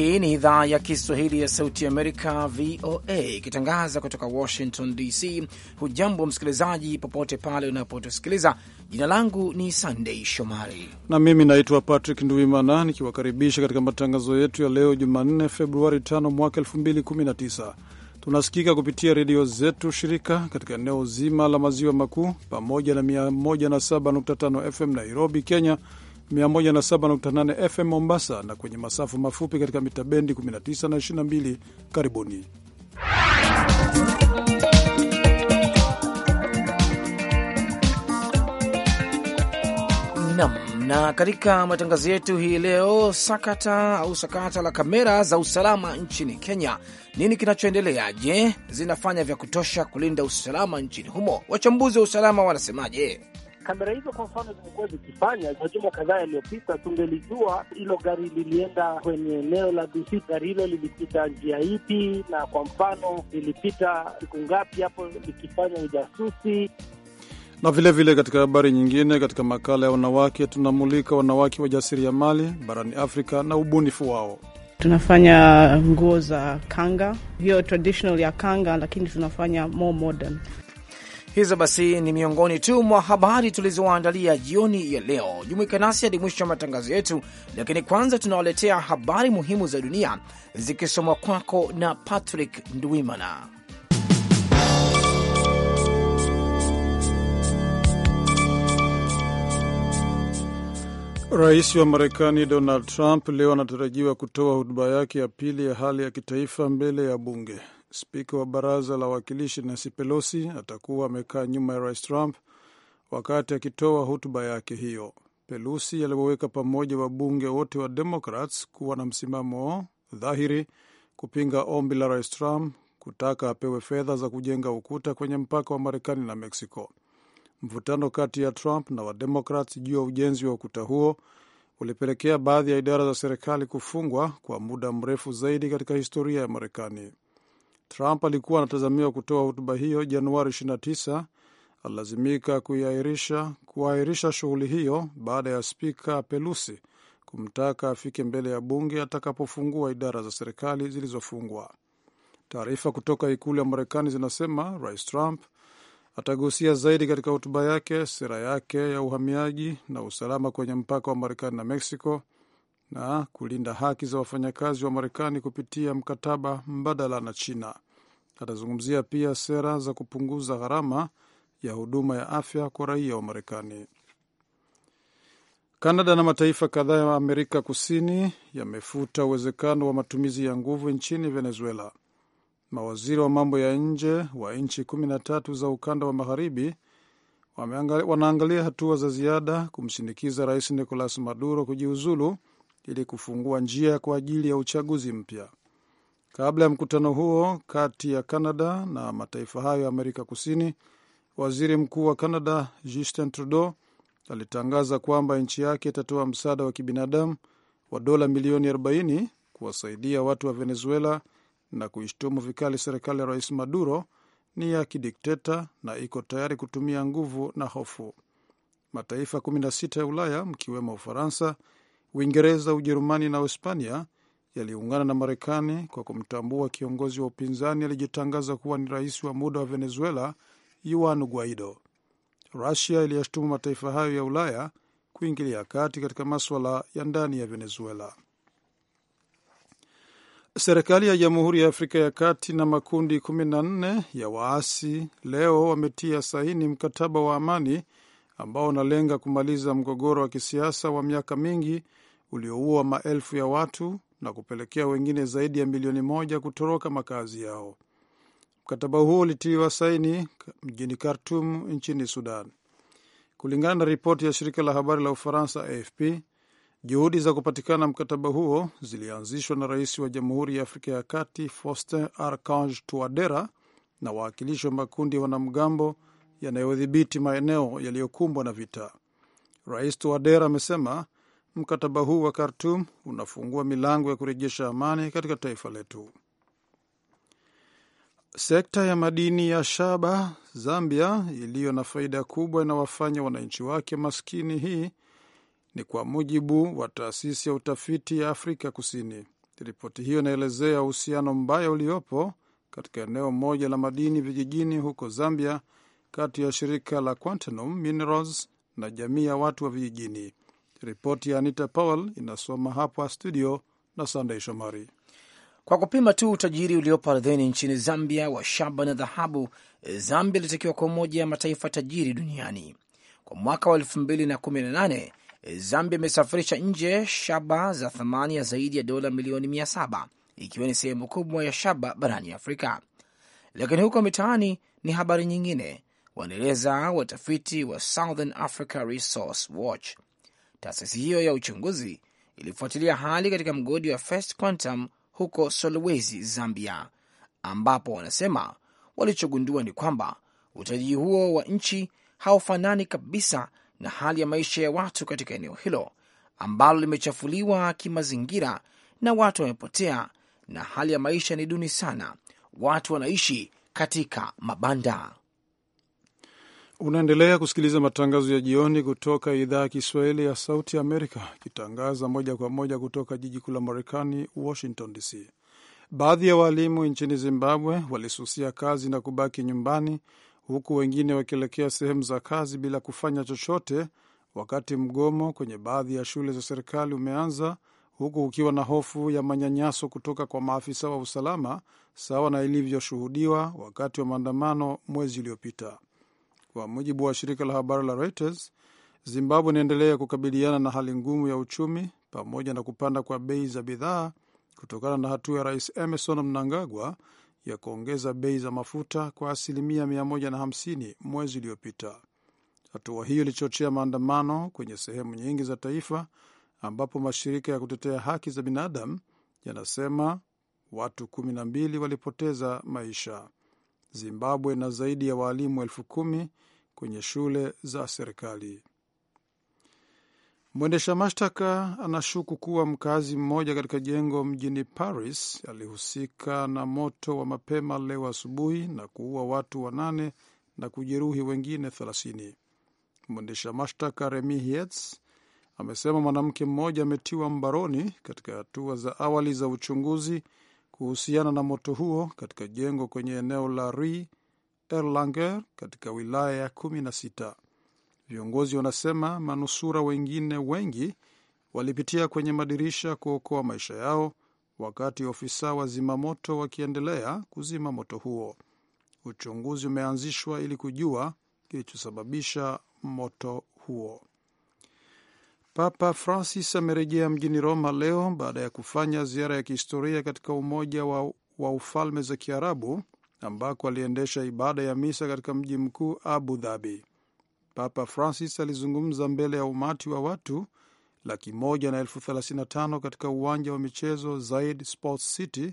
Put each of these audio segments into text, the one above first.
Hii ni idhaa ya Kiswahili ya Sauti Amerika, VOA, ikitangaza kutoka Washington DC. Hujambo msikilizaji, popote pale unapotusikiliza. Jina langu ni Sandei Shomari na mimi naitwa Patrick Nduimana, nikiwakaribisha katika matangazo yetu ya leo Jumanne, Februari 5 mwaka 2019. Tunasikika kupitia redio zetu shirika katika eneo zima la maziwa makuu pamoja na 107.5 FM Nairobi, Kenya, 107.8 FM Mombasa na kwenye masafa mafupi katika mita bendi 19 na 22. Karibuni. Nam, na katika matangazo yetu hii leo, sakata au sakata la kamera za usalama nchini Kenya. Nini kinachoendelea? Je, zinafanya vya kutosha kulinda usalama nchini humo? Wachambuzi wa usalama wanasemaje? kamera hizo kwa mfano zimekuwa zikifanya majuma kadhaa yaliyopita, tungelijua hilo gari lilienda kwenye eneo la Dusit, gari hilo lilipita njia ipi, na kwa mfano lilipita siku ngapi hapo likifanya ujasusi. Na vilevile vile katika habari nyingine, katika makala ya wanawake tunamulika wanawake wajasiriamali barani Afrika na ubunifu wao. Tunafanya nguo za kanga hiyo traditional ya kanga, lakini tunafanya more modern Hizo basi ni miongoni tu mwa habari tulizowaandalia jioni ya leo. Jumuika nasi hadi mwisho wa matangazo yetu, lakini kwanza tunawaletea habari muhimu za dunia zikisomwa kwako na Patrick Ndwimana. Rais wa Marekani Donald Trump leo anatarajiwa kutoa hotuba yake ya pili ya hali ya kitaifa mbele ya bunge. Spika wa baraza la wakilishi Nancy Pelosi atakuwa amekaa nyuma ya rais Trump wakati akitoa hotuba yake hiyo. Pelosi aliwaweka pamoja wabunge wote wa Democrats kuwa na msimamo dhahiri kupinga ombi la rais Trump kutaka apewe fedha za kujenga ukuta kwenye mpaka wa Marekani na Mexico. Mvutano kati ya Trump na Wademokrats juu ya ujenzi wa ukuta huo ulipelekea baadhi ya idara za serikali kufungwa kwa muda mrefu zaidi katika historia ya Marekani. Trump alikuwa anatazamiwa kutoa hotuba hiyo Januari 29, alilazimika kuahirisha shughuli hiyo baada ya spika Pelusi kumtaka afike mbele ya bunge atakapofungua idara za serikali zilizofungwa. Taarifa kutoka ikulu ya Marekani zinasema Rais Trump atagusia zaidi katika hotuba yake sera yake ya uhamiaji na usalama kwenye mpaka wa Marekani na Mexico na kulinda haki za wafanyakazi wa Marekani kupitia mkataba mbadala na China. Atazungumzia pia sera za kupunguza gharama ya huduma ya afya kwa raia wa Marekani. Kanada na mataifa kadhaa ya Amerika Kusini yamefuta uwezekano wa matumizi ya nguvu nchini Venezuela. Mawaziri wa mambo ya nje wa nchi kumi na tatu za ukanda wa magharibi wanaangalia hatua za ziada kumshinikiza rais Nicolas Maduro kujiuzulu ili kufungua njia kwa ajili ya uchaguzi mpya. Kabla ya mkutano huo kati ya Canada na mataifa hayo ya Amerika Kusini, waziri mkuu wa Canada Justin Trudeau alitangaza kwamba nchi yake itatoa msaada wa kibinadamu wa dola milioni 40 kuwasaidia watu wa Venezuela na kuishtumu vikali serikali ya Rais Maduro ni ya kidikteta na iko tayari kutumia nguvu na hofu. Mataifa 16 ya Ulaya mkiwemo Ufaransa Uingereza, Ujerumani na Uhispania yaliungana na Marekani kwa kumtambua kiongozi wa upinzani alijitangaza kuwa ni rais wa muda wa Venezuela, Juan Guaido. Rusia iliyashutumu mataifa hayo ya Ulaya kuingilia kati katika maswala ya ndani ya Venezuela. Serikali ya Jamhuri ya Afrika ya Kati na makundi 14 ya waasi leo wametia saini mkataba wa amani ambao unalenga kumaliza mgogoro wa kisiasa wa miaka mingi ulioua maelfu ya watu na kupelekea wengine zaidi ya milioni moja kutoroka makazi yao. Mkataba huo ulitiwa saini mjini Khartum nchini Sudan. Kulingana na ripoti ya shirika la habari la Ufaransa AFP, juhudi za kupatikana mkataba huo zilianzishwa na rais wa Jamhuri ya Afrika ya Kati Faustin Archange Touadera na wawakilishi wa makundi ya wanamgambo yanayodhibiti maeneo yaliyokumbwa na vita. Rais Touadera amesema mkataba huu wa Khartum unafungua milango ya kurejesha amani katika taifa letu. Sekta ya madini ya shaba Zambia, iliyo na faida kubwa inawafanya wananchi wake maskini, hii ni kwa mujibu wa taasisi ya utafiti ya Afrika Kusini. Ripoti hiyo inaelezea uhusiano mbaya uliopo katika eneo moja la madini vijijini huko Zambia, kati ya shirika la Quantum Minerals na jamii ya watu wa vijijini. Ripoti ya Anita Powell inasoma hapa studio na Sandey Shomari. Kwa kupima tu utajiri uliopo ardhini nchini Zambia wa shaba na dhahabu, Zambia ilitakiwa kwa umoja ya mataifa tajiri duniani. Kwa mwaka wa 2018 Zambia imesafirisha nje shaba za thamani ya zaidi ya dola milioni 700 ikiwa ni sehemu kubwa ya shaba barani Afrika. Lakini huko mitaani ni habari nyingine, wanaeleza watafiti wa Southern Africa Resource Watch. Taasisi hiyo ya uchunguzi ilifuatilia hali katika mgodi wa First Quantum huko Solwezi, Zambia, ambapo wanasema walichogundua ni kwamba utajiri huo wa nchi haufanani kabisa na hali ya maisha ya watu katika eneo hilo ambalo limechafuliwa kimazingira na watu wamepotea, na hali ya maisha ni duni sana. Watu wanaishi katika mabanda. Unaendelea kusikiliza matangazo ya jioni kutoka idhaa ya Kiswahili ya Sauti Amerika, ikitangaza moja kwa moja kutoka jiji kuu la Marekani, Washington DC. Baadhi ya waalimu nchini Zimbabwe walisusia kazi na kubaki nyumbani, huku wengine wakielekea sehemu za kazi bila kufanya chochote, wakati mgomo kwenye baadhi ya shule za serikali umeanza, huku ukiwa na hofu ya manyanyaso kutoka kwa maafisa wa usalama, sawa na ilivyoshuhudiwa wakati wa maandamano mwezi uliopita. Kwa mujibu wa shirika la habari la Reuters, Zimbabwe inaendelea kukabiliana na hali ngumu ya uchumi pamoja na kupanda kwa bei za bidhaa kutokana na hatua ya Rais Emerson Mnangagwa ya kuongeza bei za mafuta kwa asilimia 150 mwezi uliopita. Hatua hiyo ilichochea maandamano kwenye sehemu nyingi za taifa ambapo mashirika ya kutetea haki za binadamu yanasema watu 12 walipoteza maisha. Zimbabwe na zaidi ya waalimu elfu kumi kwenye shule za serikali. Mwendesha mashtaka anashuku kuwa mkazi mmoja katika jengo mjini Paris alihusika na moto wa mapema leo asubuhi na kuua watu wanane na kujeruhi wengine 30. Mwendesha mashtaka Remi Heitz amesema mwanamke mmoja ametiwa mbaroni katika hatua za awali za uchunguzi kuhusiana na moto huo katika jengo kwenye eneo la r Erlanger katika wilaya ya 16. Viongozi wanasema manusura wengine wengi walipitia kwenye madirisha kuokoa maisha yao, wakati ofisa wa zimamoto wakiendelea kuzima moto huo. Uchunguzi umeanzishwa ili kujua kilichosababisha moto huo. Papa Francis amerejea mjini Roma leo baada ya kufanya ziara ya kihistoria katika Umoja wa, wa Ufalme za Kiarabu ambako aliendesha ibada ya misa katika mji mkuu Abu Dhabi. Papa Francis alizungumza mbele ya umati wa watu laki moja na elfu thelathini na tano katika uwanja wa michezo Zaid Sports City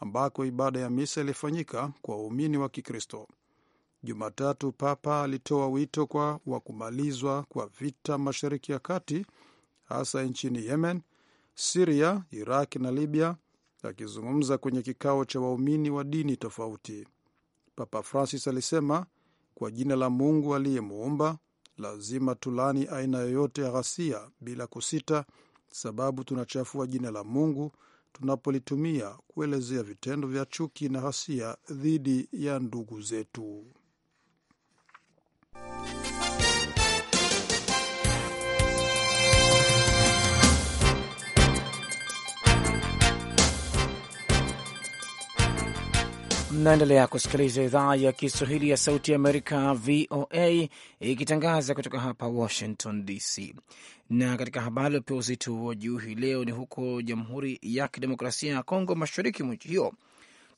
ambako ibada ya misa ilifanyika kwa waumini wa Kikristo. Jumatatu Papa alitoa wito kwa wa kumalizwa kwa vita Mashariki ya Kati, hasa nchini Yemen, Siria, Iraq na Libya, akizungumza kwenye kikao cha waumini wa dini tofauti. Papa Francis alisema, kwa jina la Mungu aliyemuumba, lazima tulani aina yoyote ya ghasia bila kusita, sababu tunachafua jina la Mungu tunapolitumia kuelezea vitendo vya chuki na ghasia dhidi ya ndugu zetu. Mnaendelea kusikiliza idhaa ya Kiswahili ya Sauti ya Amerika, VOA, ikitangaza kutoka hapa Washington DC. Na katika habari iliyopewa uzito wa juu hii leo ni huko Jamhuri ya Kidemokrasia ya Kongo, mashariki mwa nchi hiyo.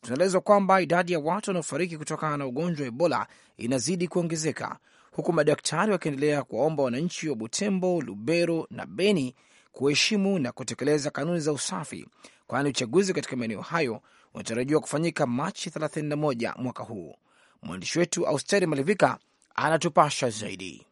Tunaelezwa kwamba idadi ya watu wanaofariki kutokana na ugonjwa wa Ebola inazidi kuongezeka, huku madaktari wakiendelea kuwaomba wananchi wa Butembo, Lubero na Beni kuheshimu na kutekeleza kanuni za usafi, kwani uchaguzi katika maeneo hayo unatarajiwa kufanyika Machi 31 mwaka huu. Mwandishi wetu Austeri Malivika anatupasha zaidi.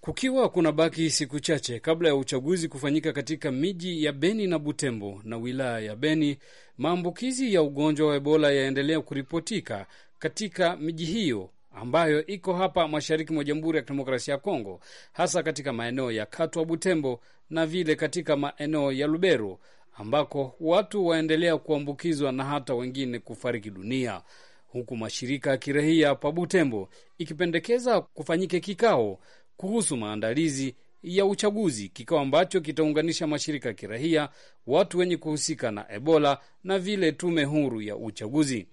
Kukiwa kuna baki siku chache kabla ya uchaguzi kufanyika katika miji ya Beni na Butembo na wilaya ya Beni, maambukizi ya ugonjwa wa Ebola yaendelea kuripotika katika miji hiyo ambayo iko hapa mashariki mwa Jamhuri ya Kidemokrasia ya Kongo, hasa katika maeneo ya Katwa, Butembo na vile katika maeneo ya Lubero ambako watu waendelea kuambukizwa na hata wengine kufariki dunia, huku mashirika ya kirahia pa Butembo ikipendekeza kufanyike kikao kuhusu maandalizi ya uchaguzi, kikao ambacho kitaunganisha mashirika ya kirahia, watu wenye kuhusika na Ebola na vile tume huru ya uchaguzi.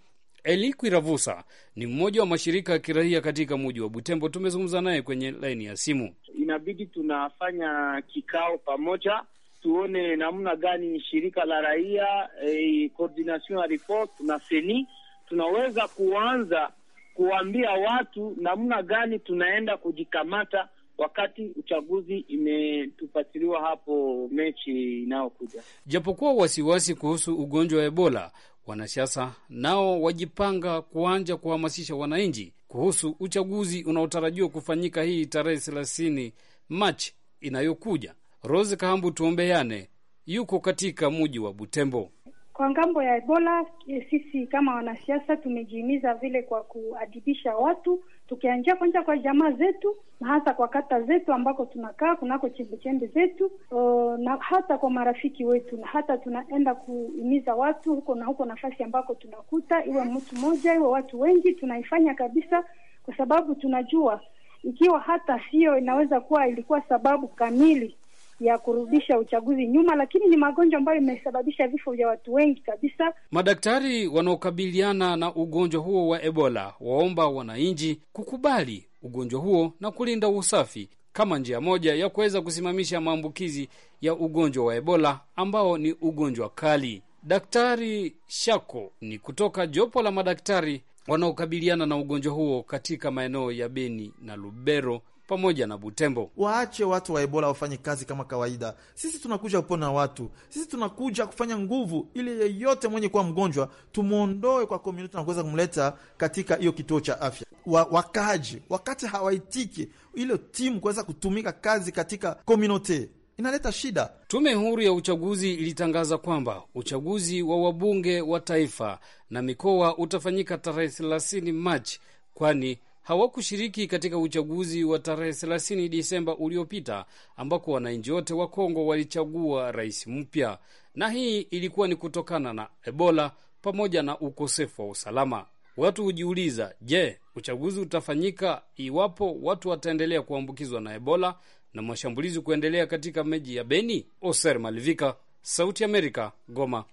Eli Kwiravusa ni mmoja wa mashirika ya kirahia katika muji wa Butembo. Tumezungumza naye kwenye laini ya simu. Inabidi tunafanya kikao pamoja tuone namna gani shirika la raia eh, coordination ya report na seni tunaweza kuanza kuambia watu namna gani tunaenda kujikamata wakati uchaguzi imetupatiliwa hapo mechi inayokuja. Japokuwa wasiwasi kuhusu ugonjwa wa Ebola, wanasiasa nao wajipanga kuanja kuhamasisha wananchi kuhusu uchaguzi unaotarajiwa kufanyika hii tarehe thelathini Machi inayokuja. Rose Kahambu Tuombeane yuko katika muji wa Butembo. Kwa ngambo ya Ebola, sisi kama wanasiasa tumejiimiza vile kwa kuadibisha watu, tukianjia kwanza kwa jamaa zetu na hasa kwa kata zetu ambako tunakaa kunako chembechembe zetu o, na hata kwa marafiki wetu, na hata tunaenda kuimiza watu huko na huko nafasi ambako tunakuta, iwe mtu mmoja iwe watu wengi, tunaifanya kabisa kwa sababu tunajua ikiwa hata hiyo inaweza kuwa ilikuwa sababu kamili ya kurudisha uchaguzi nyuma, lakini ni magonjwa ambayo imesababisha vifo vya watu wengi kabisa. Madaktari wanaokabiliana na ugonjwa huo wa Ebola waomba wananchi kukubali ugonjwa huo na kulinda usafi kama njia moja ya kuweza kusimamisha maambukizi ya ugonjwa wa Ebola ambao ni ugonjwa kali. Daktari Shako ni kutoka jopo la madaktari wanaokabiliana na ugonjwa huo katika maeneo ya Beni na Lubero pamoja na Butembo. Waache watu wa Ebola wafanye kazi kama kawaida. Sisi tunakuja kupona watu, sisi tunakuja kufanya nguvu ili yeyote mwenye kuwa mgonjwa tumwondoe kwa komuniti na kuweza kumleta katika hiyo kituo cha afya. Wa, wakaji wakati hawaitiki ile timu kuweza kutumika kazi katika komuniti inaleta shida. Tume huru ya uchaguzi ilitangaza kwamba uchaguzi wa wabunge wa taifa na mikoa utafanyika tarehe 30 Machi, kwani hawakushiriki katika uchaguzi wa tarehe 30 Disemba uliopita ambako wananchi wote wa Kongo walichagua rais mpya, na hii ilikuwa ni kutokana na Ebola pamoja na ukosefu wa usalama. Watu hujiuliza, je, uchaguzi utafanyika iwapo watu wataendelea kuambukizwa na Ebola na mashambulizi kuendelea katika miji ya Beni? Oser Malivika, Sauti Amerika, Goma.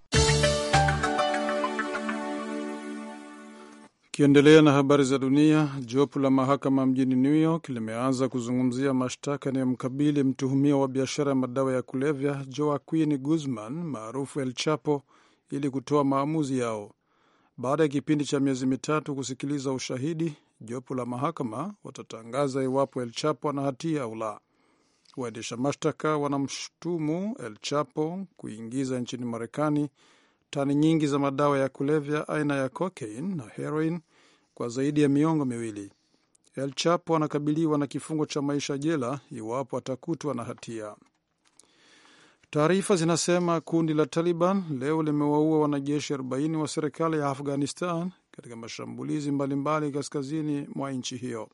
Tukiendelea na habari za dunia, jopo la mahakama mjini New York limeanza kuzungumzia mashtaka yanayomkabili mtuhumiwa wa biashara ya madawa ya kulevya Joaquin Guzman maarufu El Chapo ili kutoa maamuzi yao. Baada ya kipindi cha miezi mitatu kusikiliza ushahidi, jopo la mahakama watatangaza iwapo El Chapo ana hatia au la. Waendesha mashtaka wanamshutumu El Chapo kuingiza nchini Marekani tani nyingi za madawa ya kulevya aina ya cocaine na heroin kwa zaidi ya miongo miwili. El Chapo anakabiliwa na kifungo cha maisha jela iwapo atakutwa na hatia. Taarifa zinasema kundi la Taliban leo limewaua wanajeshi 40 wa serikali ya Afghanistan katika mashambulizi mbalimbali mbali kaskazini mwa nchi hiyo.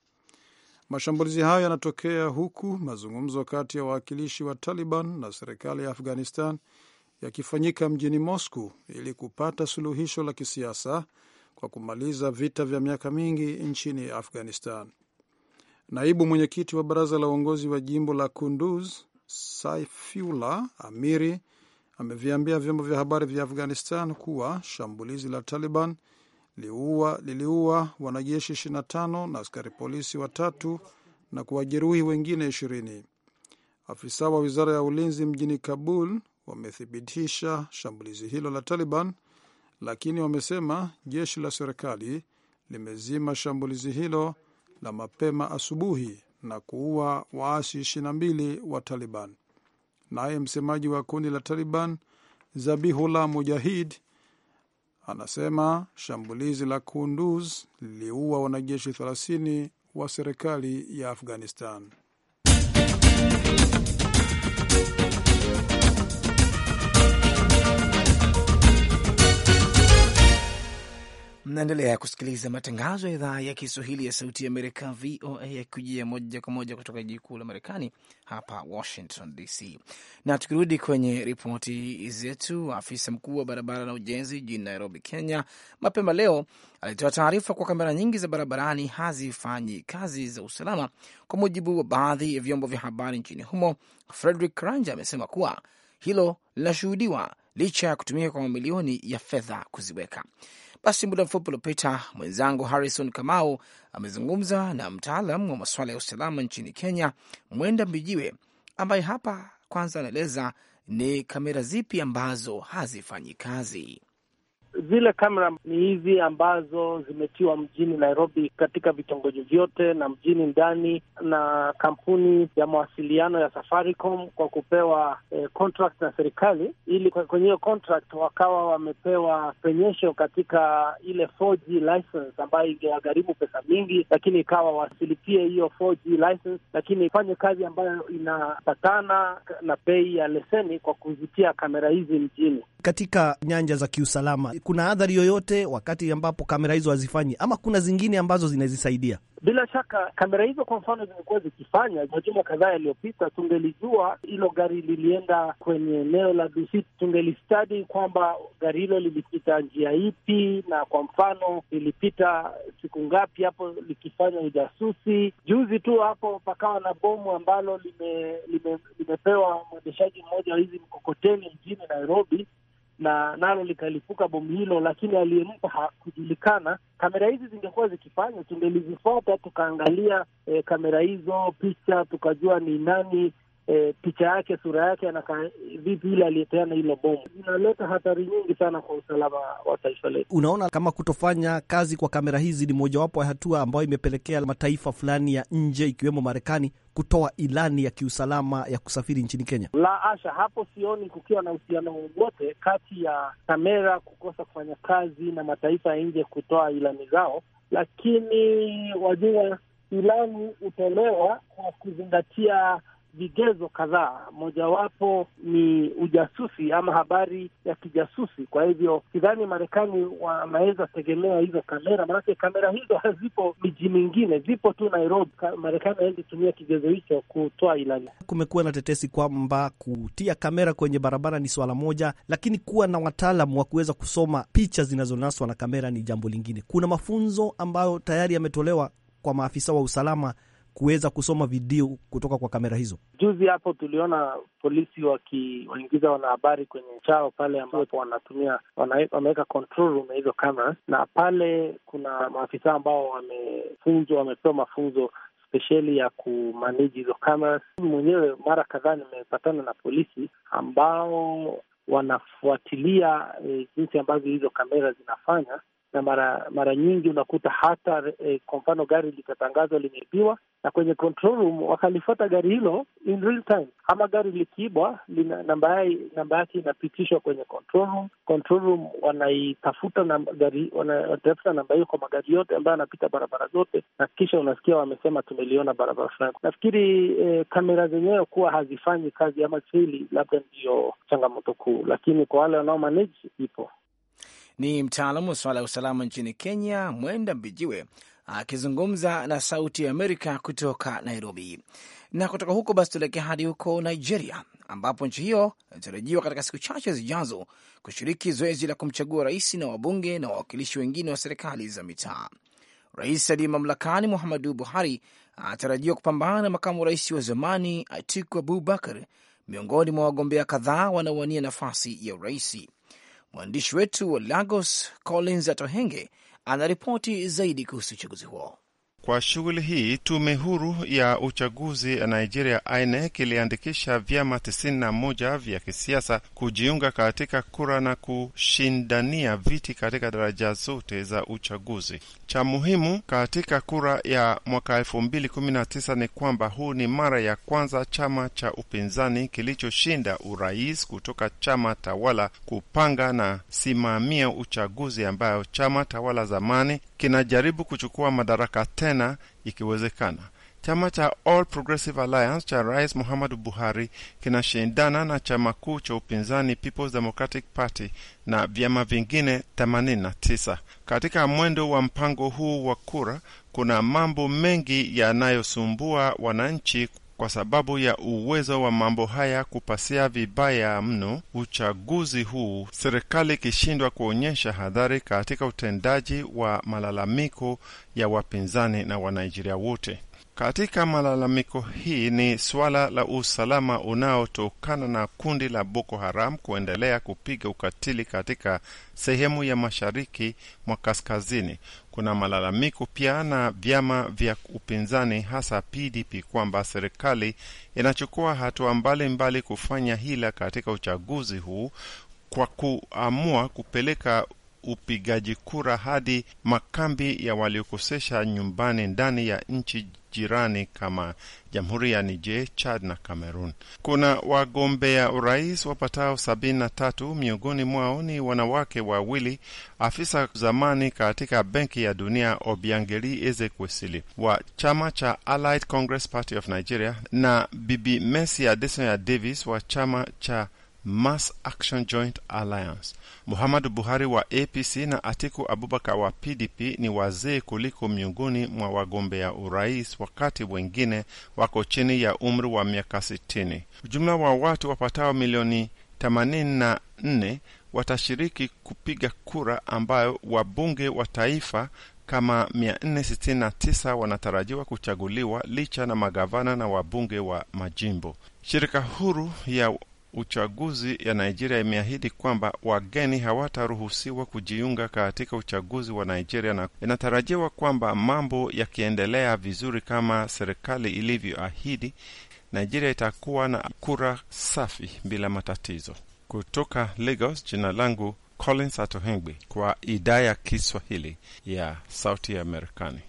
Mashambulizi hayo yanatokea huku mazungumzo kati ya wawakilishi wa Taliban na serikali ya Afghanistan yakifanyika mjini Moscow ili kupata suluhisho la kisiasa kwa kumaliza vita vya miaka mingi nchini Afghanistan. Naibu mwenyekiti wa baraza la uongozi wa jimbo la Kunduz, saifula Amiri, ameviambia vyombo vya habari vya Afghanistan kuwa shambulizi la Taliban liua, liliua wanajeshi 25 na askari polisi watatu na kuwajeruhi wengine 20. Afisa wa wizara ya ulinzi mjini Kabul wamethibitisha shambulizi hilo la Taliban lakini wamesema jeshi la serikali limezima shambulizi hilo la mapema asubuhi na kuua waasi 22 wa Taliban. Naye msemaji wa kundi la Taliban Zabihullah Mujahid anasema shambulizi la Kunduz liliua wanajeshi 30 wa serikali ya Afghanistan. Mnaendelea kusikiliza matangazo ya idhaa ya Kiswahili ya Sauti ya Amerika, VOA, yakujia moja kwa moja kutoka jiji kuu la Marekani, hapa Washington DC. Na tukirudi kwenye ripoti zetu, afisa mkuu wa barabara na ujenzi jijini Nairobi, Kenya, mapema leo alitoa taarifa kwa kamera nyingi za barabarani hazifanyi kazi za usalama. Kwa mujibu wa baadhi ya vyombo vya habari nchini humo, Frederick Karanja amesema kuwa hilo linashuhudiwa licha ya kutumika kwa mamilioni ya fedha kuziweka. Basi muda mfupi uliopita mwenzangu Harrison Kamau amezungumza na mtaalam wa masuala ya usalama nchini Kenya, Mwenda Mbijiwe, ambaye hapa kwanza anaeleza ni kamera zipi ambazo hazifanyi kazi. Zile kamera ni hizi ambazo zimetiwa mjini Nairobi katika vitongoji vyote na mjini ndani, na kampuni ya mawasiliano ya Safaricom kwa kupewa eh, contract na serikali, ili kwenye hiyo contract wakawa wamepewa penyesho katika ile 4G license ambayo ingewagharimu pesa mingi, lakini ikawa wasilipie hiyo 4G license, lakini ifanye kazi ambayo inapatana na bei ya leseni kwa kuzitia kamera hizi mjini. Katika nyanja za kiusalama kuna adhari yoyote wakati ambapo kamera hizo hazifanyi, ama kuna zingine ambazo zinazisaidia? Bila shaka kamera hizo kwa mfano zimekuwa zikifanya. Majuma kadhaa yaliyopita, tungelijua hilo gari lilienda kwenye eneo la Dusit, tungelistadi kwamba gari hilo lilipita njia ipi, na kwa mfano lilipita siku ngapi hapo likifanya ujasusi. Juzi tu hapo pakawa na bomu ambalo lime, lime, limepewa mwendeshaji mmoja wa hizi mkokoteni mjini Nairobi na nalo likalipuka bomu hilo, lakini aliyempa hakujulikana. Kamera hizi zingekuwa zikifanya, tungelizifuata tukaangalia e, kamera hizo picha, tukajua ni nani e, picha yake, sura yake anakaa vipi yule aliyepeana hilo bomu. Inaleta hatari nyingi sana kwa usalama wa taifa letu. Unaona, kama kutofanya kazi kwa kamera hizi ni mojawapo ya hatua ambayo imepelekea mataifa fulani ya nje ikiwemo Marekani kutoa ilani ya kiusalama ya kusafiri nchini Kenya. La asha, hapo sioni kukiwa na uhusiano wowote kati ya kamera kukosa kufanya kazi na mataifa ya nje kutoa ilani zao, lakini wajua, ilani hutolewa kwa kuzingatia vigezo kadhaa, mojawapo ni ujasusi ama habari ya kijasusi. Kwa hivyo sidhani Marekani wanaweza tegemea hizo kamera, maanake kamera hizo hazipo miji mingine, zipo tu Nairobi. Marekani haezi tumia kigezo hicho kutoa ilani. Kumekuwa na tetesi kwamba kutia kamera kwenye barabara ni swala moja, lakini kuwa na wataalam wa kuweza kusoma picha zinazonaswa na kamera ni jambo lingine. Kuna mafunzo ambayo tayari yametolewa kwa maafisa wa usalama kuweza kusoma video kutoka kwa kamera hizo? Juzi hapo tuliona polisi wakiwaingiza wanahabari kwenye chao pale ambapo wanatumia wameweka control room ya hizo kamera, na pale kuna maafisa ambao wamefunzwa, wamepewa mafunzo spesheli ya kumaneji hizo kamera. Mwenyewe mara kadhaa nimepatana na polisi ambao wanafuatilia e, jinsi ambavyo hizo kamera zinafanya na mara mara nyingi unakuta hata eh, kwa mfano gari likatangazwa limeibiwa, na kwenye control room wakalifuata gari hilo in real time, ama gari likiibwa, namba yake inapitishwa kwenye control room. Control room wanaitafuta wanatafuta namba hiyo kwa magari yote ambayo anapita barabara zote, na kisha unasikia wamesema tumeliona barabara fulani. Nafikiri eh, kamera zenyewe kuwa hazifanyi kazi ama sili, labda ndiyo changamoto kuu, lakini kwa wale wanaomanage ipo. Ni mtaalamu wa suala ya usalama nchini Kenya, Mwenda Mbijiwe akizungumza na Sauti ya Amerika kutoka Nairobi. Na kutoka huko basi tuelekea hadi huko Nigeria, ambapo nchi hiyo inatarajiwa katika siku chache zijazo kushiriki zoezi la kumchagua rais na wabunge na wawakilishi wengine wa serikali za mitaa. Rais aliye mamlakani Muhammadu Buhari anatarajiwa kupambana na makamu rais wa zamani Atiku Abubakar, miongoni mwa wagombea kadhaa wanaowania nafasi ya uraisi. Mwandishi wetu wa Lagos, Collins Atohenge, anaripoti zaidi kuhusu uchaguzi huo. Kwa shughuli hii tume huru ya uchaguzi ya Nigeria INEC iliandikisha vyama 91 vya kisiasa kujiunga katika kura na kushindania viti katika daraja zote za uchaguzi. Cha muhimu katika kura ya mwaka 2019 ni kwamba huu ni mara ya kwanza chama cha upinzani kilichoshinda urais kutoka chama tawala kupanga na simamia uchaguzi ambayo chama tawala zamani kinajaribu kuchukua madaraka tena ikiwezekana. Chama cha All Progressive Alliance cha Rais Muhammadu Buhari kinashindana na chama kuu cha upinzani People's Democratic Party na vyama vingine 89. Katika mwendo wa mpango huu wa kura, kuna mambo mengi yanayosumbua wananchi kwa sababu ya uwezo wa mambo haya kupasia vibaya mno uchaguzi huu, serikali ikishindwa kuonyesha hadhari katika utendaji wa malalamiko ya wapinzani na Wanaijeria wote. Katika malalamiko hii ni suala la usalama unaotokana na kundi la Boko Haram kuendelea kupiga ukatili katika sehemu ya mashariki mwa kaskazini. Kuna malalamiko pia na vyama vya upinzani hasa PDP kwamba serikali inachukua hatua mbalimbali kufanya hila katika uchaguzi huu kwa kuamua kupeleka upigaji kura hadi makambi ya waliokosesha nyumbani ndani ya nchi jirani kama Jamhuri ya Niger, Chad na Cameroon. Kuna wagombea urais wapatao sabini na tatu, miongoni mwao ni wanawake wawili, afisa zamani katika Benki ya Dunia Obiangeli Ezekwesili wa chama cha Allied Congress Party of Nigeria na Bibi Mercy Adesanya Davis wa chama cha Mass Action Joint Alliance. Muhammadu Buhari wa APC na Atiku Abubakar wa PDP ni wazee kuliko miongoni mwa wagombea urais, wakati wengine wako chini ya umri wa miaka 60. Ujumla wa watu wapatao milioni 84 watashiriki kupiga kura, ambayo wabunge wa taifa kama 469 wanatarajiwa kuchaguliwa licha na magavana na wabunge wa majimbo. Shirika huru ya uchaguzi ya Nigeria imeahidi kwamba wageni hawataruhusiwa kujiunga katika uchaguzi wa Nigeria, na inatarajiwa kwamba mambo yakiendelea vizuri kama serikali ilivyoahidi, Nigeria itakuwa na kura safi bila matatizo. Kutoka Lagos, jina langu Collins Atohengbi kwa idhaa ya Kiswahili ya Sauti ya Amerikani.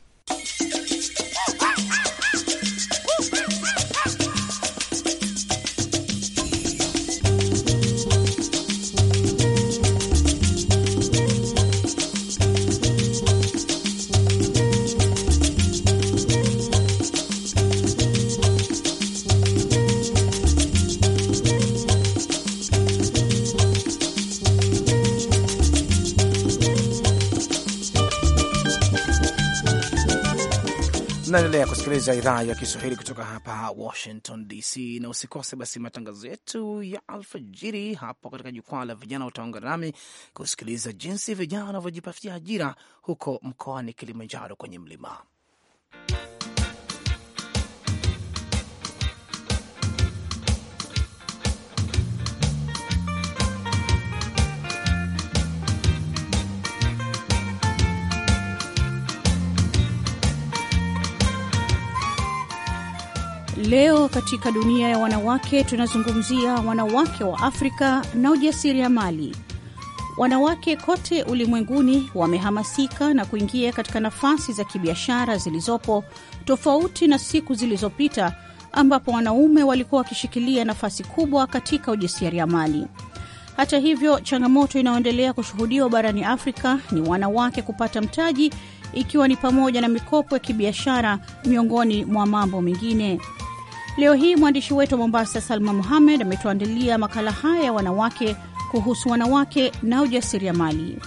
Naendelea kusikiliza idhaa ya Kiswahili kutoka hapa Washington DC, na usikose basi matangazo yetu ya alfajiri hapo katika jukwaa la vijana. Utaungana nami kusikiliza jinsi vijana wanavyojipatia ajira huko mkoani Kilimanjaro kwenye mlima Leo katika dunia ya wanawake tunazungumzia wanawake wa Afrika na ujasiriamali. Wanawake kote ulimwenguni wamehamasika na kuingia katika nafasi za kibiashara zilizopo, tofauti na siku zilizopita ambapo wanaume walikuwa wakishikilia nafasi kubwa katika ujasiriamali. Hata hivyo, changamoto inayoendelea kushuhudiwa barani Afrika ni wanawake kupata mtaji, ikiwa ni pamoja na mikopo ya kibiashara, miongoni mwa mambo mengine. Leo hii mwandishi wetu wa Mombasa, Salma muhamed ametuandalia makala haya ya wanawake kuhusu wanawake na ujasiriamali.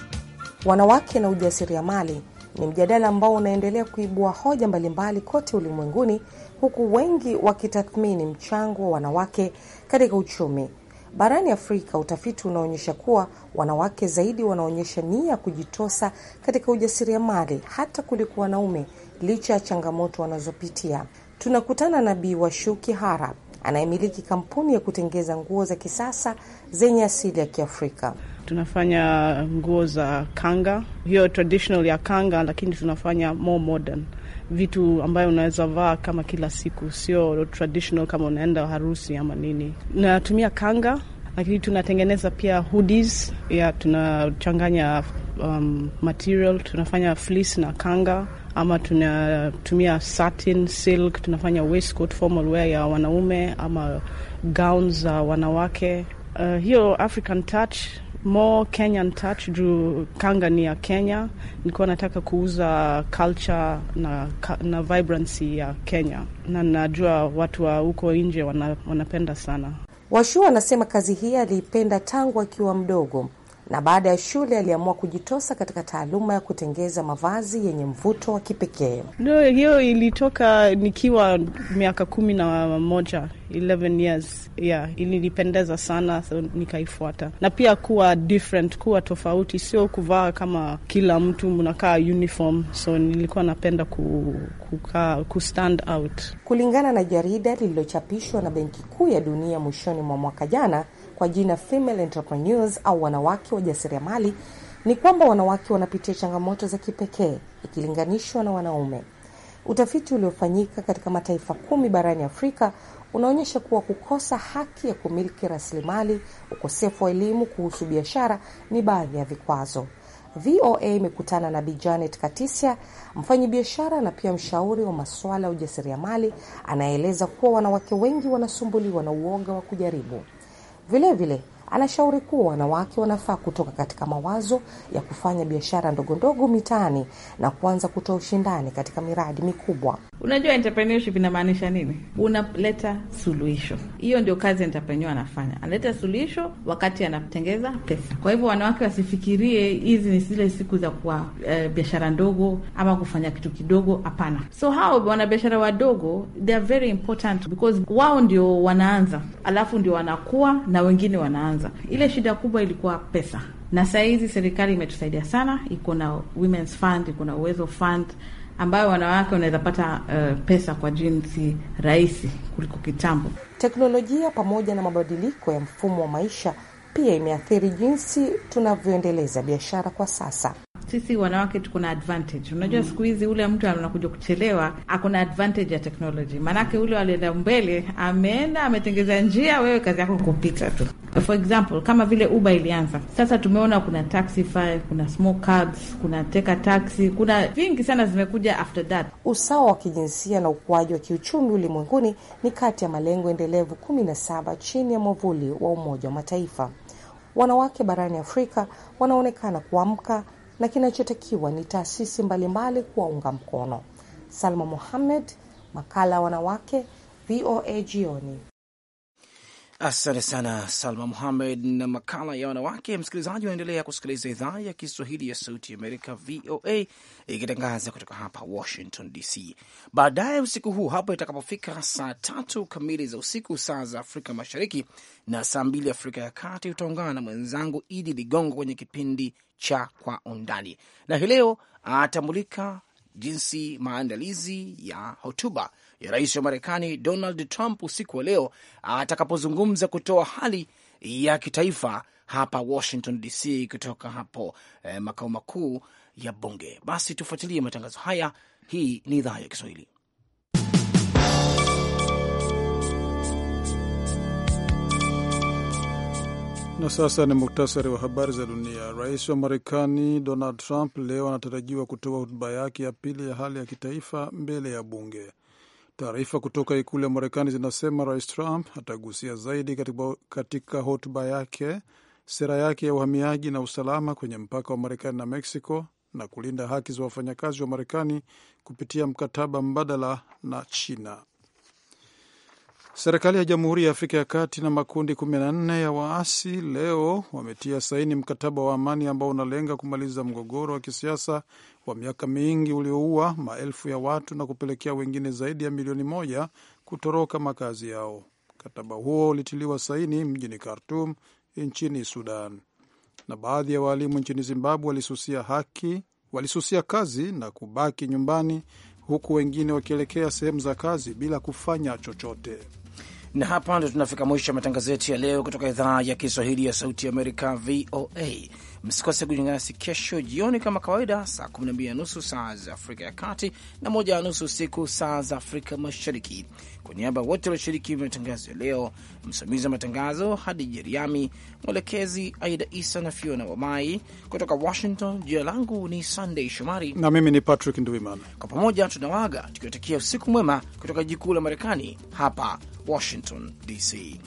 Wanawake na ujasiriamali ni mjadala ambao unaendelea kuibua hoja mbalimbali kote ulimwenguni, huku wengi wakitathmini mchango wa wanawake katika uchumi. Barani Afrika, utafiti unaonyesha kuwa wanawake zaidi wanaonyesha nia ya kujitosa katika ujasiriamali hata kuliko wanaume, licha ya changamoto wanazopitia tunakutana na Bi Washuki hara anayemiliki kampuni ya kutengeza nguo za kisasa zenye asili ya Kiafrika. Tunafanya nguo za kanga, hiyo traditional ya kanga, lakini tunafanya more modern vitu ambayo unaweza vaa kama kila siku, sio traditional kama unaenda harusi ama nini. Natumia kanga lakini tunatengeneza pia hoodies, ya tunachanganya um, material, tunafanya fleece na kanga ama tunatumia satin, silk, tunafanya waistcoat, formal wear ya wanaume ama gowns za uh, wanawake. Uh, hiyo African touch more Kenyan touch juu kanga ni ya Kenya. Nilikuwa nataka kuuza culture na, na vibrancy ya Kenya, na najua watu wa huko nje wanapenda sana. Washua anasema kazi hii aliipenda tangu akiwa mdogo na baada ya shule aliamua kujitosa katika taaluma ya kutengeza mavazi yenye mvuto wa kipekee. Ndio hiyo ilitoka nikiwa miaka kumi na moja 11 years yeah, ilinipendeza sana so nikaifuata, na pia kuwa different, kuwa tofauti, sio kuvaa kama kila mtu mnakaa uniform, so nilikuwa napenda ku, kukaa ku stand out. Kulingana na jarida lililochapishwa na Benki Kuu ya Dunia mwishoni mwa mwaka jana kwa jina female entrepreneurs au wanawake wajasiriamali ni kwamba wanawake wanapitia changamoto za kipekee ikilinganishwa na wanaume. Utafiti uliofanyika katika mataifa kumi barani Afrika unaonyesha kuwa kukosa haki ya kumiliki rasilimali, ukosefu wa elimu kuhusu biashara ni baadhi ya vikwazo. VOA imekutana na Bi Janet Katisia, mfanyabiashara na pia mshauri wa masuala ya ujasiriamali, anaeleza kuwa wanawake wengi wanasumbuliwa na uoga wa kujaribu Güle güle. anashauri kuwa wanawake wanafaa kutoka katika mawazo ya kufanya biashara ndogondogo mitaani na kuanza kutoa ushindani katika miradi mikubwa. Unajua, entrepreneurship inamaanisha nini? Unaleta suluhisho. Hiyo ndio kazi entrepreneur anafanya, analeta suluhisho wakati anatengeza pesa. Kwa hivyo wanawake wasifikirie hizi ni zile siku za kuwa e, biashara ndogo ama kufanya kitu kidogo. Hapana. So hao wanabiashara wadogo they are very important because wao ndio wanaanza, alafu ndio wanakuwa na wengine wanaanza kwanza, ile shida kubwa ilikuwa pesa, na saa hizi serikali imetusaidia sana, iko na Women's Fund, iko na Uwezo Fund ambayo wanawake wanaweza pata uh, pesa kwa jinsi rahisi kuliko kitambo. Teknolojia pamoja na mabadiliko ya mfumo wa maisha pia imeathiri jinsi tunavyoendeleza biashara kwa sasa sisi wanawake tuko na advantage. Unajua mm. siku hizi ule mtu anakuja kuchelewa akona advantage ya technology, maanake ule alienda mbele, ameenda ametengeza njia, wewe kazi yako kupita tu. For example kama vile Uber ilianza, sasa tumeona kuna Taxify, kuna small cabs, kuna teka taxi, kuna vingi sana zimekuja after that. Usawa wa kijinsia na ukuaji wa kiuchumi ulimwenguni ni kati ya malengo endelevu kumi na saba chini ya mwavuli wa Umoja wa Mataifa. Wanawake barani Afrika wanaonekana kuamka na kinachotakiwa ni taasisi mbalimbali kuwaunga mkono. Salma Mohamed, makala ya wanawake, VOA jioni. Asante sana Salma Muhamed na makala ya wanawake. Msikilizaji, unaendelea kusikiliza idhaa ya Kiswahili ya Sauti ya Amerika, VOA, ikitangaza kutoka hapa Washington DC. Baadaye usiku huu hapo itakapofika saa tatu kamili za usiku, saa za Afrika Mashariki, na saa mbili Afrika ya Kati, utaungana na mwenzangu Idi Ligongo kwenye kipindi cha Kwa Undani, na hii leo atamulika jinsi maandalizi ya hotuba ya rais wa Marekani Donald Trump usiku wa leo atakapozungumza kutoa hali ya kitaifa hapa Washington DC, kutoka hapo eh, makao makuu ya bunge. Basi tufuatilie matangazo haya. Hii ni idhaa ya Kiswahili Na sasa ni muktasari wa habari za dunia. Rais wa Marekani Donald Trump leo anatarajiwa kutoa hotuba yake ya pili ya hali ya kitaifa mbele ya bunge. Taarifa kutoka ikulu ya Marekani zinasema Rais Trump atagusia zaidi katika, katika hotuba yake sera yake ya uhamiaji na usalama kwenye mpaka wa Marekani na Mexico na kulinda haki za wafanyakazi wa Marekani kupitia mkataba mbadala na China. Serikali ya Jamhuri ya Afrika ya Kati na makundi 14 ya waasi leo wametia saini mkataba wa amani ambao unalenga kumaliza mgogoro wa kisiasa wa miaka mingi ulioua maelfu ya watu na kupelekea wengine zaidi ya milioni moja kutoroka makazi yao. Mkataba huo ulitiliwa saini mjini Khartum nchini Sudan. Na baadhi ya waalimu nchini Zimbabwe walisusia haki, walisusia kazi na kubaki nyumbani, huku wengine wakielekea sehemu za kazi bila kufanya chochote. Na hapa ndo tunafika mwisho wa matangazo yetu ya leo kutoka idhaa ya Kiswahili ya Sauti ya Amerika, VOA. Msikose kujiungana nasi kesho jioni kama kawaida, saa 12 na nusu saa za Afrika ya Kati na moja na nusu usiku saa za Afrika Mashariki. Kwa niaba ya wote walioshiriki matangazo ya leo, msimamizi wa matangazo hadi Jeriami, mwelekezi Aida Isa na Fiona Wamai kutoka Washington. Jina langu ni Sandey Shomari na mimi ni Patrick Nduimana. Kwa pamoja tunawaga tukiwatakia usiku mwema kutoka jikuu la Marekani, hapa Washington DC.